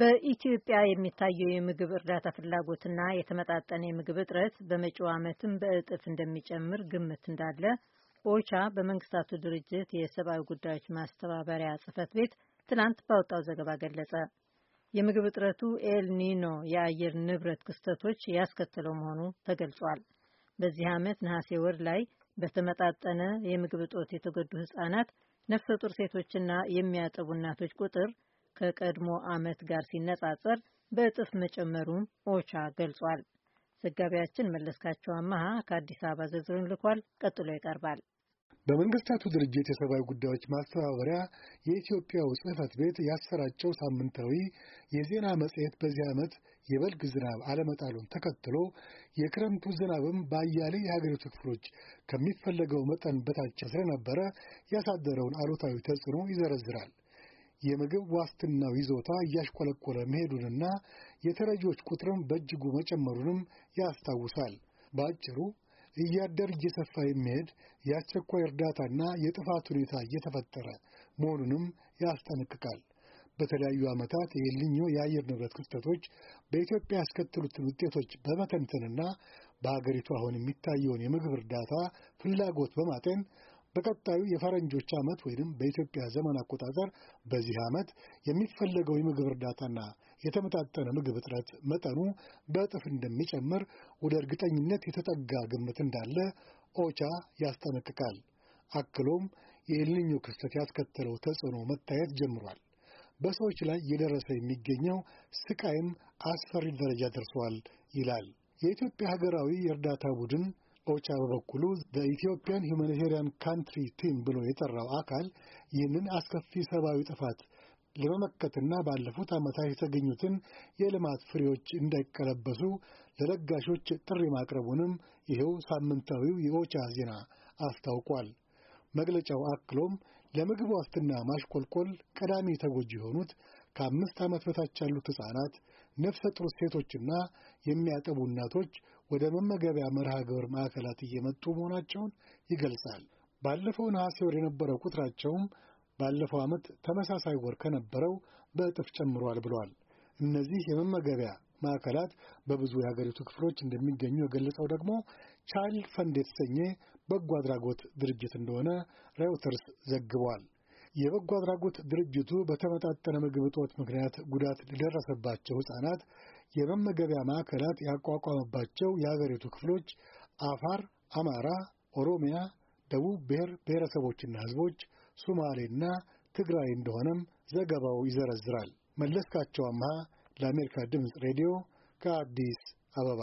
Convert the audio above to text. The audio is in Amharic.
በኢትዮጵያ የሚታየው የምግብ እርዳታ ፍላጎትና የተመጣጠነ የምግብ እጥረት በመጪው ዓመትም በእጥፍ እንደሚጨምር ግምት እንዳለ ኦቻ በመንግስታቱ ድርጅት የሰብአዊ ጉዳዮች ማስተባበሪያ ጽህፈት ቤት ትናንት ባወጣው ዘገባ ገለጸ። የምግብ እጥረቱ ኤልኒኖ የአየር ንብረት ክስተቶች ያስከተለው መሆኑ ተገልጿል። በዚህ ዓመት ነሐሴ ወር ላይ በተመጣጠነ የምግብ እጦት የተጎዱ ህጻናት፣ ነፍሰ ጡር ሴቶችና የሚያጠቡ እናቶች ቁጥር ከቀድሞ ዓመት ጋር ሲነጻጸር በእጥፍ መጨመሩን ኦቻ ገልጿል። ዘጋቢያችን መለስካቸው አመሃ ከአዲስ አበባ ዝርዝሩን ልኳል። ቀጥሎ ይቀርባል። በመንግስታቱ ድርጅት የሰብአዊ ጉዳዮች ማስተባበሪያ የኢትዮጵያው ጽህፈት ቤት ያሰራጨው ሳምንታዊ የዜና መጽሔት በዚህ ዓመት የበልግ ዝናብ አለመጣሉን ተከትሎ የክረምቱ ዝናብም በአያሌ የሀገሪቱ ክፍሎች ከሚፈለገው መጠን በታች ስለነበረ ያሳደረውን አሉታዊ ተጽዕኖ ይዘረዝራል። የምግብ ዋስትናው ይዞታ እያሽቆለቆለ መሄዱንና የተረጂዎች ቁጥርም በእጅጉ መጨመሩንም ያስታውሳል። በአጭሩ እያደር እየሰፋ የሚሄድ የአስቸኳይ እርዳታና የጥፋት ሁኔታ እየተፈጠረ መሆኑንም ያስጠነቅቃል። በተለያዩ ዓመታት የኤልኒኞ የአየር ንብረት ክስተቶች በኢትዮጵያ ያስከትሉትን ውጤቶች በመተንተንና በሀገሪቱ አሁን የሚታየውን የምግብ እርዳታ ፍላጎት በማጤን በቀጣዩ የፈረንጆች ዓመት ወይም በኢትዮጵያ ዘመን አቆጣጠር በዚህ ዓመት የሚፈለገው የምግብ እርዳታና የተመጣጠነ ምግብ እጥረት መጠኑ በእጥፍ እንደሚጨምር ወደ እርግጠኝነት የተጠጋ ግምት እንዳለ ኦቻ ያስጠነቅቃል። አክሎም የኤልኒኞ ክስተት ያስከተለው ተጽዕኖ መታየት ጀምሯል። በሰዎች ላይ እየደረሰ የሚገኘው ስቃይም አስፈሪ ደረጃ ደርሷል ይላል። የኢትዮጵያ ሀገራዊ የእርዳታ ቡድን ኦቻ በበኩሉ በኢትዮጵያን ሁማኒቴሪያን ካንትሪ ቲም ብሎ የጠራው አካል ይህንን አስከፊ ሰብአዊ ጥፋት ለመመከትና ባለፉት ዓመታት የተገኙትን የልማት ፍሬዎች እንዳይቀለበሱ ለለጋሾች ጥሪ ማቅረቡንም ይኸው ሳምንታዊው የኦቻ ዜና አስታውቋል። መግለጫው አክሎም ለምግብ ዋስትና ማሽቆልቆል ቀዳሚ ተጎጂ የሆኑት ከአምስት ዓመት በታች ያሉት ሕፃናት፣ ነፍሰ ጡር ሴቶችና የሚያጠቡ እናቶች ወደ መመገቢያ መርሃ ግብር ማዕከላት እየመጡ መሆናቸውን ይገልጻል። ባለፈው ነሐሴ ወር የነበረው ቁጥራቸውም ባለፈው ዓመት ተመሳሳይ ወር ከነበረው በእጥፍ ጨምሯል ብሏል። እነዚህ የመመገቢያ ማዕከላት በብዙ የሀገሪቱ ክፍሎች እንደሚገኙ የገለጸው ደግሞ ቻይልድ ፈንድ የተሰኘ በጎ አድራጎት ድርጅት እንደሆነ ሬውተርስ ዘግቧል። የበጎ አድራጎት ድርጅቱ በተመጣጠነ ምግብ እጦት ምክንያት ጉዳት ለደረሰባቸው ሕፃናት የመመገቢያ ማዕከላት ያቋቋመባቸው የአገሪቱ ክፍሎች አፋር፣ አማራ፣ ኦሮሚያ፣ ደቡብ ብሔር ብሔረሰቦችና ሕዝቦች፣ ሱማሌና ትግራይ እንደሆነም ዘገባው ይዘረዝራል። መለስካቸው አምሃ ለአሜሪካ ድምፅ ሬዲዮ ከአዲስ አበባ